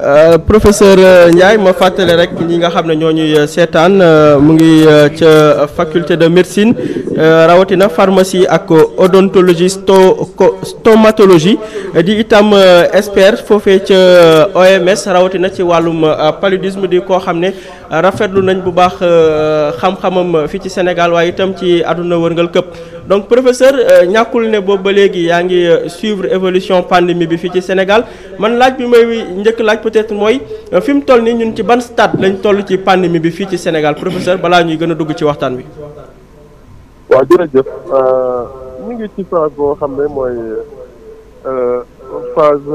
Euh, professeur euh, Ndiaye ma fàttale rek ñi nga xam ne ñoo ñuy euh, seetaan mu ngi ca faculté de médecine rawatina pharmacie ak odontologie sto stomatologie di itam expert foofee ca OMS rawatina ci wàllum paludisme di koo xam ne. rafetlu nañ bu baax euh, xam-xamam fii ci Sénégal waaye itam ci àdduna wërngal këpp donc professeur euh, ñàkkul ne boobu ba léegi yaa ngi euh, suivre évolution pandémie bi fii ci Sénégal man laaj bi may njëkk laaj peut-être mooy fi mu toll nii ñun ci ban stade lañ toll ci pandémie bi fii ci Sénégal professeur balaa ñuy gën a dugg ci waxtaan bi. waaw boo xam ne mooy phase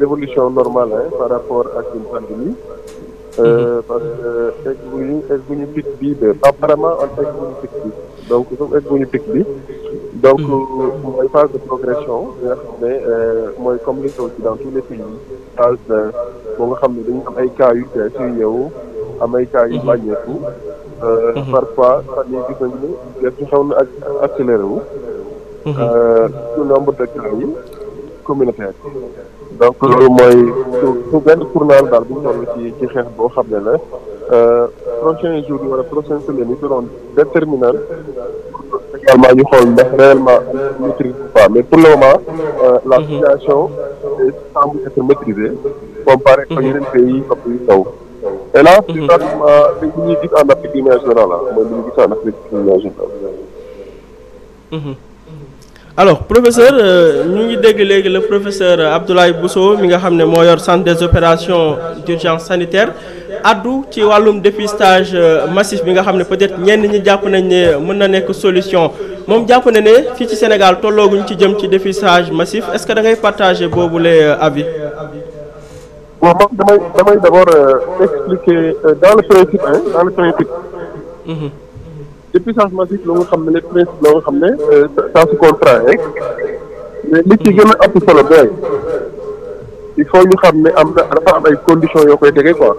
d'évolution normale par rapport ak Mhm. Euh, parce que egguñu egguñu pic bi de apparemment on egguñu pic bi donc comme egguñu pic bi. donc mhm. mooy phase de progression bi xam ne euh, mooy comme li xew ci dans tous les pays phase boo nga xam ne dañ am ay cas yu bees yu ñëw am ay cas yu wàññeeku. Mhm. Euh, parfois fan yii gis nañu ne gerte xaw na accéléré wu. ci nombre de cas communautaire donc loolu mooy su benn tournant daal bu ñu toll ci xeex boo xam ne la euh, prochain jour yi wala prochaine semaine yi seront déterminants également ñu xool ndax réellement maîtrise pas mais pour le moment euh, la mhm. situation semble être maîtrisée comparé ak mhm. yeneen pays comme yu taw et là c'est mhm. pratiquement li ñuy gis en Afrique de manière générale mooy li ñu gis en alors professeur euh, ñu ngi dégg le professeur Abdoulaye Bousso mi nga xam ne yor centre des opérations d'urgence sanitaire addu ci wàllum dépistage euh, massif bi nga ne peut-être ñenn ñi jàpp nañ ne mën solution Mon jàpp na ne fii ci Sénégal tollooguñ ci jëm ci dépistage massif est-ce que da ngay partager boobu les euh, avis. waaw damay damay d'abord expliquer dans le principe hein dans le principe. Mhm. te puissance massive loo nga xam ne principe la nga xam ne euh, ça se rek mais li ci gën a ëpp solo booy il faut ñu xam ne am na dafa am ay conditions yoo koy tegee quoi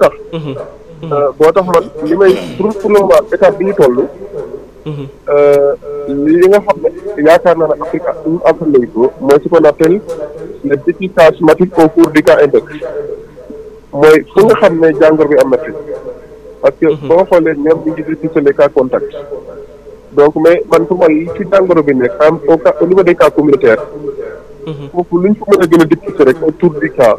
tax mm-hmm. Mm-hmm. Euh, boo tax man li may pour pour le moment étape bi ñu toll mm-hmm. euh, li nga xam ne yaakaar naa ne Afrique ñu am nañ ko mooy ce qu'on appelle le dépistage cours du cas index mooy fu nga xam ne jàngor bi am na parce que bo xolé ñepp ñu jitt ci les cas contact donc mais man pour man ci tangoro bi nek am au cas au niveau des cas communautaires. hmm lu ñu ko mën a gën a dépister rek autour du cas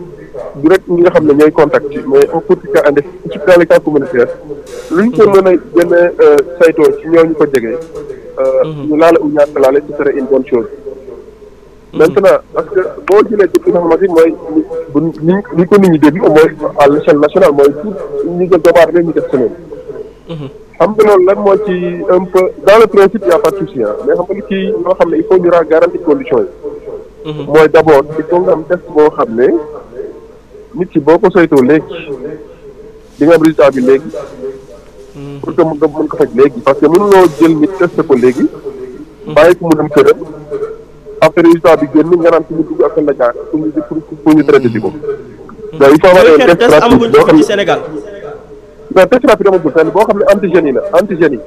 du rek ñi nga xam ne contact ci mais au cours du cas andé ci dans les cas communautaires. luñ ko mëna gëna euh a saytoo ci ñu ko euh ñu laala u ñaata laale ci sera une bonne chose. Mm-hmm. maintenant parce que boo jëlee ci informatique mooy bu ni ni ko nit ñi dégg mooy à l' échelle nationale mooy ci ñu jël doomu aadama ñu def semaine. Mm-hmm. xam nga loolu lan moo ci un peu dans le principe y' a pas ci loo xam ne il faut ñu ra mm-hmm. mooy d' abord il faut nga am test boo xam ne nit ki boo ko saytoo léegi di nga résultat bi léegi. pour que mu mën ko faj léegi parce que mënuloo jël nit test ko léegi. bàyyi ko mu dem après résultat bi génn nga naan suñu dugg ak seen la pour ñu pour ñu traité di ko. donc il faut avoir un test rapide boo xam ne Sénégal. non test rapide amagul fenn boo xam ne antigène yi la antigène yi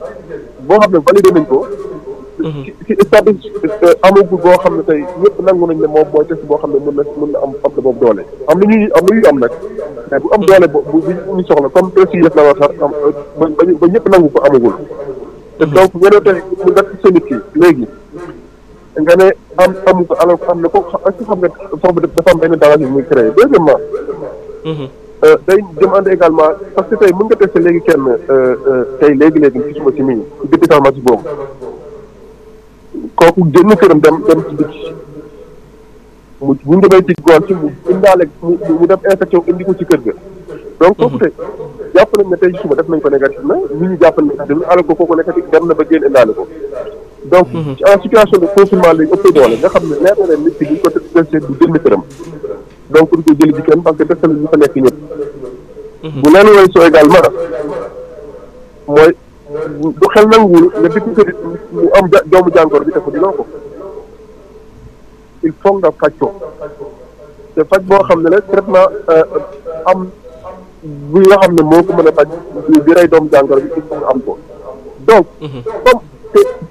boo xam ne validé nañ ko. ci mhm. ci stade euh, amagul boo xam ne tey ñëpp nangu nañ ne moom mooy test boo xam ne mën na mën na am am na boobu doole. am na ñuy am na ñuy am nag. mais bu am mhm. doole bu bu ñu soxla comme test yi def na war sax am euh, ba ba ñëpp nangu ko amagul. te mhm. donc ñeneen tey mu nekk sa nit ki léegi. nga ne am am alors am na ko ak xam nga foofu dafa am benn dawal yu muy créé deuxièmement mhm. euh, day jëm ànd également parce que tey mun nga tester léegi kenn euh, euh, tey léegi-léegi ci suma si mii ci bitti pharmacie boobu kooku génn këram dem dem ci bitti mu bu ñu demee ci goon ci mu indaale mu mu dem infection indi ko ci kër ga donc kooku mhm. tey jàpp na tey tey suba def nañ ko négatif na ñu ñi jàpp nañ ko kooku négatif dem na ba génn indaale ko donc en situation de confinement léegi ëpp doole nga xam ne leer na leen nit ki bu ñu ko testé ko jëli ci kenn parce que testé nañu fa nekk ñëpp bu leen weesoo également mooy du xel nanguwul nga dikk ko mu am doomu jàngoro bi dafa dinoo ko il faut nga faj ko te faj boo xam ne la traitement euh, am bu nga xam ne moo ko mën a faj bi rey doomu jàngoro bi il am ko donc mhm.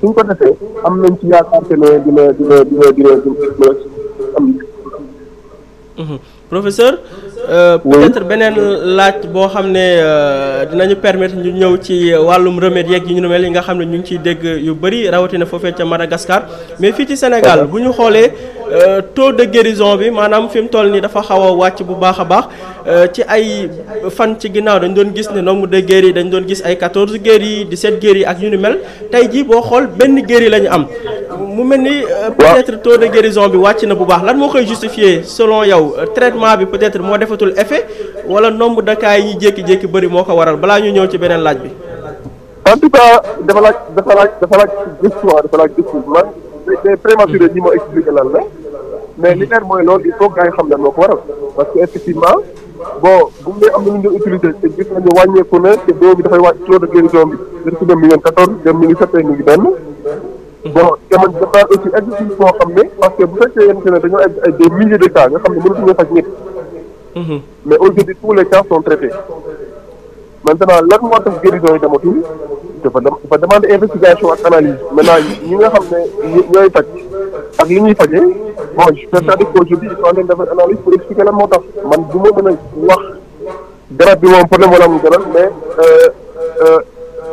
suñ ko defee am nañ ci yaakaar que ne dina dina dina dina dina am professeur Euh, peut-être beneen euh, laaj boo xam ne euh, dinañu permettre ñu ñëw ci wàllum remède yeeg yi ñu mel yi nga xam ne ñu ngi ciy dégg yu bëri rawatina foofee ca Madagascar mais fii ci senegal bu ñu xoolee taux de guérison bi maanaam fi mu toll nii dafa xaw a wàcc bu baax a baax ci ay fan ci ginnaaw dañ doon gis ne nombre de guéris dañ doon gis ay 14 guéris 17 guéris ak ñu ni mel tey jii boo xool benn guéri la ñu am mu mel ni peut-être taux de guérison bi wàcc na bu baax lan moo koy justifier selon yow traitement bi peut-être moo def defatul effet wala nombre de cas yi ñu jékki-jékki bëri moo ko waral balaa ñu ñëw ci beneen laaj bi. en tout cas dafa laaj dafa laaj dafa laaj gëstu dafa laaj gëstu man c'est prématuré ñi ma expliqué lan la mais li leer mooy loolu il faut gars yi xam lan moo ko waral parce que effectivement bon bu mu ne am na lu ñu doon utilisé te gis nañu wàññeeku na te doo bi dafay wàcc taux de guérison bi dañ si dem million ngi settee ñu ngi benn bon te man dafa aussi exercice boo xam ne Mhm. mais aujourd'hui tous les cas sont traités maintenant lan moo tax guérison yi dematul dafa dem demande investigation ak analyse maintenant ñi nga xam ne ñooy faj ak li ñuy fajee bon je préfère dire qu'aujourd'hui ils sont en train de faire analyse pour expliquer lan moo tax man du ma mën wax garab bi moom problème wala am garab mais euh, euh,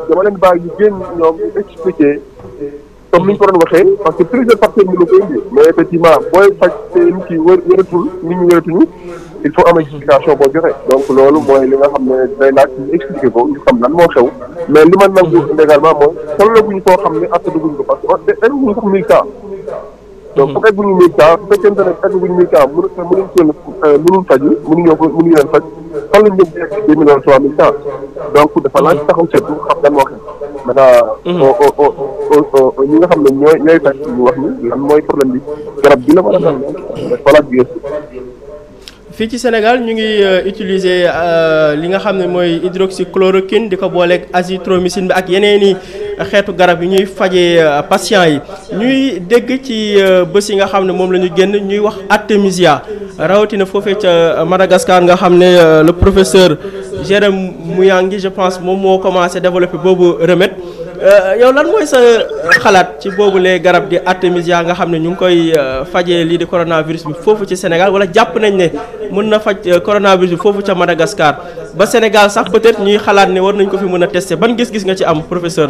dama leen bàyyi ñu génn ñoom expliquer comme niñ ko doon waxee parce que plusieurs facteurs mën na ko indi mais effectivement booy faj te nit ki wër wëratul nit ñi wëratuñu il faut am explication boo joxe donc loolu mooy li nga xam ne day laaj ñu expliquer ko ñu xam lan moo xew mais li ma nangu également mooy tollaguñ koo xam ne attanuguñ ko parce que egguñu sax mille cas donc bu hmm. egguñu mille cas bu fekkente ne egguñu mille cas mënu mënuñ seen euh, mënuñ faj mënuñoo ko mënuñu leen faj fan lañ jëm ci deux millions trois mille cas donc dafa laaj taxaw seetlu xam lan moo xew maintenant. Mhm. ñu wax ni garab bi la war fii ci Sénégal ñu ngi euh, utiliser euh, li nga xam ne mooy hydroxychloroquine di ko booleeg azithromycine bi ak yeneen i xeetu garab yi ñuy fajee euh, patients yi ñuy dégg ci euh, bés yi nga xam ne moom la ñu génn ñuy wax artémisia rawatina foofee ca euh, Madagascar nga xam ne le professeur Jérôme Muyangi je pense moom moo commencé développer boobu remède yow lan mooy sa xalaat ci boobu les garab di artémisia nga xam ne ñu ngi koy fajee lii di coronavirus bi foofu ci Sénégal wala jàpp nañ ne mën na faj coronavirus bi foofu ca Madagascar ba Sénégal sax peut-être ñuy xalaat ne war nañ ko fi a tester ban gis-gis nga ci am professeur.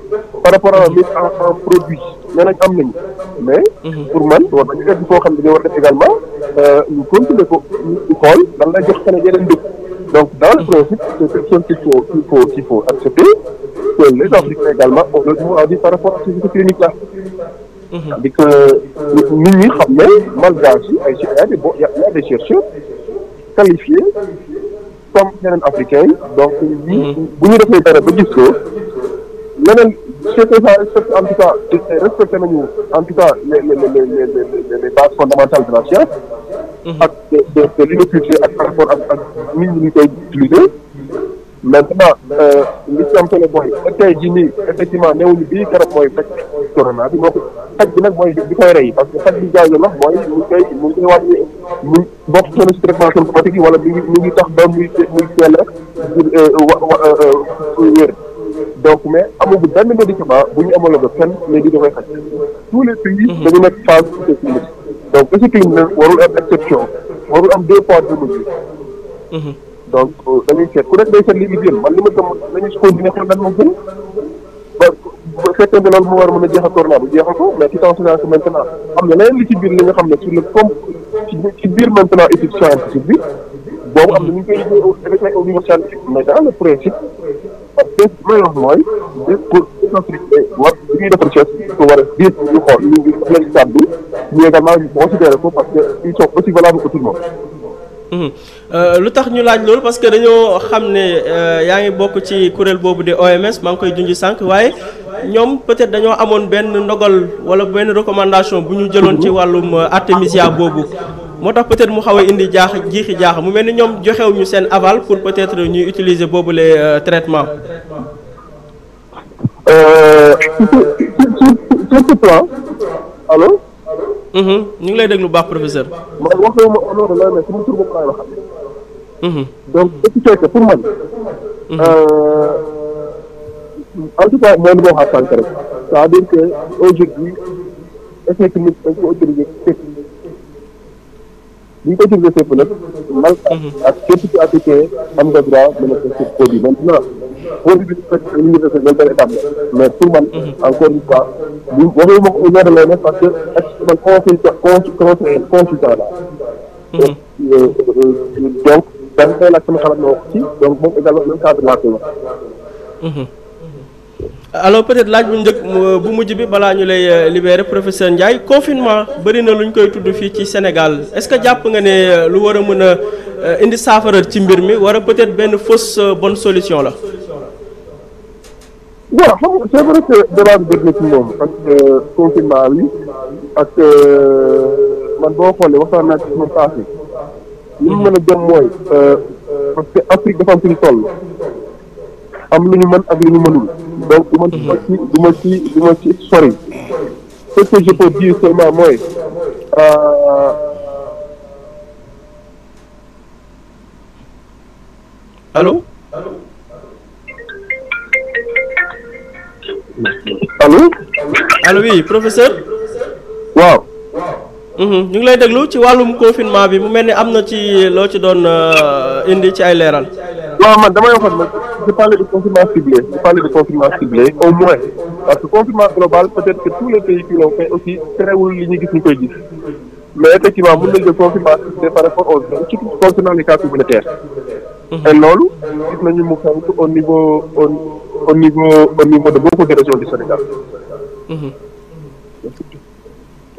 par rapport à un produit mais. Mhm. pour moi également euh, donc dans le mhm. principe c'est quelque qu'il faut accepter que les Africains également ont le droit par rapport à ces cliniques là. Mhm. Il y a des chercheurs qualifiés comme un africains donc. nous c'est ça respecte en tout cas respecté nañu en tout cas les les les les les bases fondamentales de la science. Mm-hmm. ak de de de l'inoculture ak par rapport ak ak nit ñi ñu koy utiliser. maintenant euh, li ci am solo mooy tey jii nii effectivement newuñu bii garab mooy faj corona bi moo ko faj bi nag mooy bi koy rey parce que faj bi jaay la wax mooy mu ngi koy mu ngi koy wàññi mu bokk solo si traitement symptomatique yi wala mi ngi mi ngi tax ba muy muy teel a euh, wa wa euh, wér. donc mais amagul benn médicament bu ñu homologué fenn léegi da koy xaj tous les pays mhm. dañu nekk phase essai clinique mhm. euh, seet ku nekk day seet li ñu man li ma gëm nañu si continuer xool lan moo gën ba bu fekkee loolu moo war mun mën a jeexal corona bu jeexal ko mais ci temps science maintenant am na leneen li ci biir li nga xam ne sur le pompe ci biir maintenant étude scientifique bi boobu am na ñu koy liggéey avec ay mais dans principe bés bu def recherche bi ko war a biir ñu xool lu tax ñu laaj loolu parce que dañoo xam ne euh, yaa ngi bokk ci kuréel boobu de OMS maa ngi koy junj sànq waaye ñoom peut-être dañoo amoon benn ndogal wala benn recommandation bu ñu jëloon ci wàllum euh, artémisia boobu. moo peut-être mu xawé indi jaax jiixi jaax mu melni ñom ñoom joxew ñu seen aval pour peut-être ñuy utiliser bobu les euh, traitement euh sur ce hmm hmm ñu ngi lay déglu baax professeur man waxuma Honoré Loye mais sama tur boobu laay hmm donc ci cooke pour man mm-hmm. euh, en tout cas mooy li ma waxaat sànq ça. c'est-à-dire que aujourd'hui essai clinique dañ ko autorisé bu ñu ko utilisé fépp nag man mhm. ak képp ci appliqué am nga droit mën a tester produit maintenant produit bi ñu ngi def benn benn étape la mais pour man mhm. encore une fois bu waxee ma ko ñaata lay ne parce que ak man consultant consultant la mhm. euh, euh, donc dama koy laaj sama xalaat ma wax ci donc moom également même cadre laa koy wax alors peut-être laaj bu njëkk bu mujj bi balaa ñu lay euh, libérer professeur Ndiaye confinement bëri na lu ñu koy tudd fii ci Sénégal est-ce que jàpp nga ne euh, lu war a mën a euh, indi saafara ci mbir mi war a peut-être benn fausse bonne solution la. bon xam nga c'est vrai que na ci moom parce confinement ak man boo xoolee waxtaan naa ci sama paase li mu mën a jëm mooy parce Afrique dafa am toll. am lu ñu mën ak lu ñu mënul donc du ma ci mhm. du ma ci du ma ci sori ce que je peux euh, professeur waaw mhm, ñu ngi lay déglu ci wàllum confinement bi mu mel ni am na ci loo ci doon euh, indi ci ay leeral Non, madame, damay waxoon nag je parle de confinement ciblé je parle de confinement ciblé au moins parce que confinement global peut-être que tous les pays qui l'ont fait aussi très li ñu qui ñu koy gis mais effectivement mën nañ jël confinement ciblé par rapport aux zones surtout concernant les cas communautaires. Mhm. et l'OLU, c'est nañu mu xew au niveau au au niveau au niveau de beaucoup de régions du Sénégal. Mhm.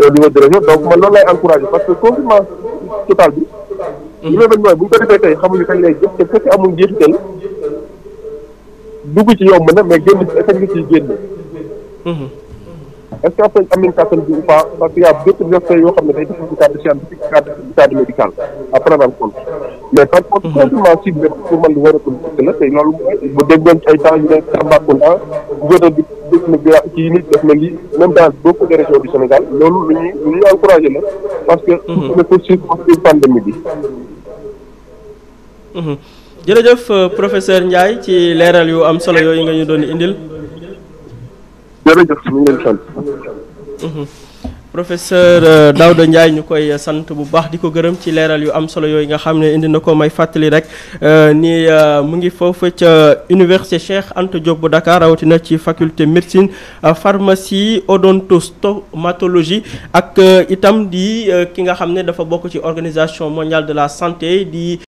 au niveau des régions, donc man loolu l'a encouragé parce que confinement total li may bañ mooy bu ñu ko defee tey xamuñu kañ lay jëf te fekk amul njeexital dugg ci yomb na mais génn ci effet nga ciy génn. Mhm. est-ce que après bi ou parce que y' a beaucoup de aspects yoo xam ne day defal du cadre scientifique cadre cadre médical à prendre compte. mais par contre mhm. compliment man lu war a ko la tey loolu bu déggoon ci ay temps yu ne Tambacounda gouverneur bi. def na gaa kii nit def na lii même Sénégal loolu lu ñuy lu la parce que mhm. tout le poursuivre parce pandémie bi mhm. jërëjëf euh, professeur Ndiaye ci leeral yu am solo yooyu nga ñu doon indil jërëjëf ñu leen sant mhm. professeur euh, Daouda Ndiaye ñu koy euh, sant bu baax di ko gërëm ci leeral yu am solo yooyu nga xam ne indi na ko may fàttali rek euh, ni mu ngi foofu ca université Cheikh Anta bu Dakar rawatina ci faculté médecine pharmacie odontostomatologie ak itam di ki nga xam ne dafa bokk ci organisation mondiale de la santé di.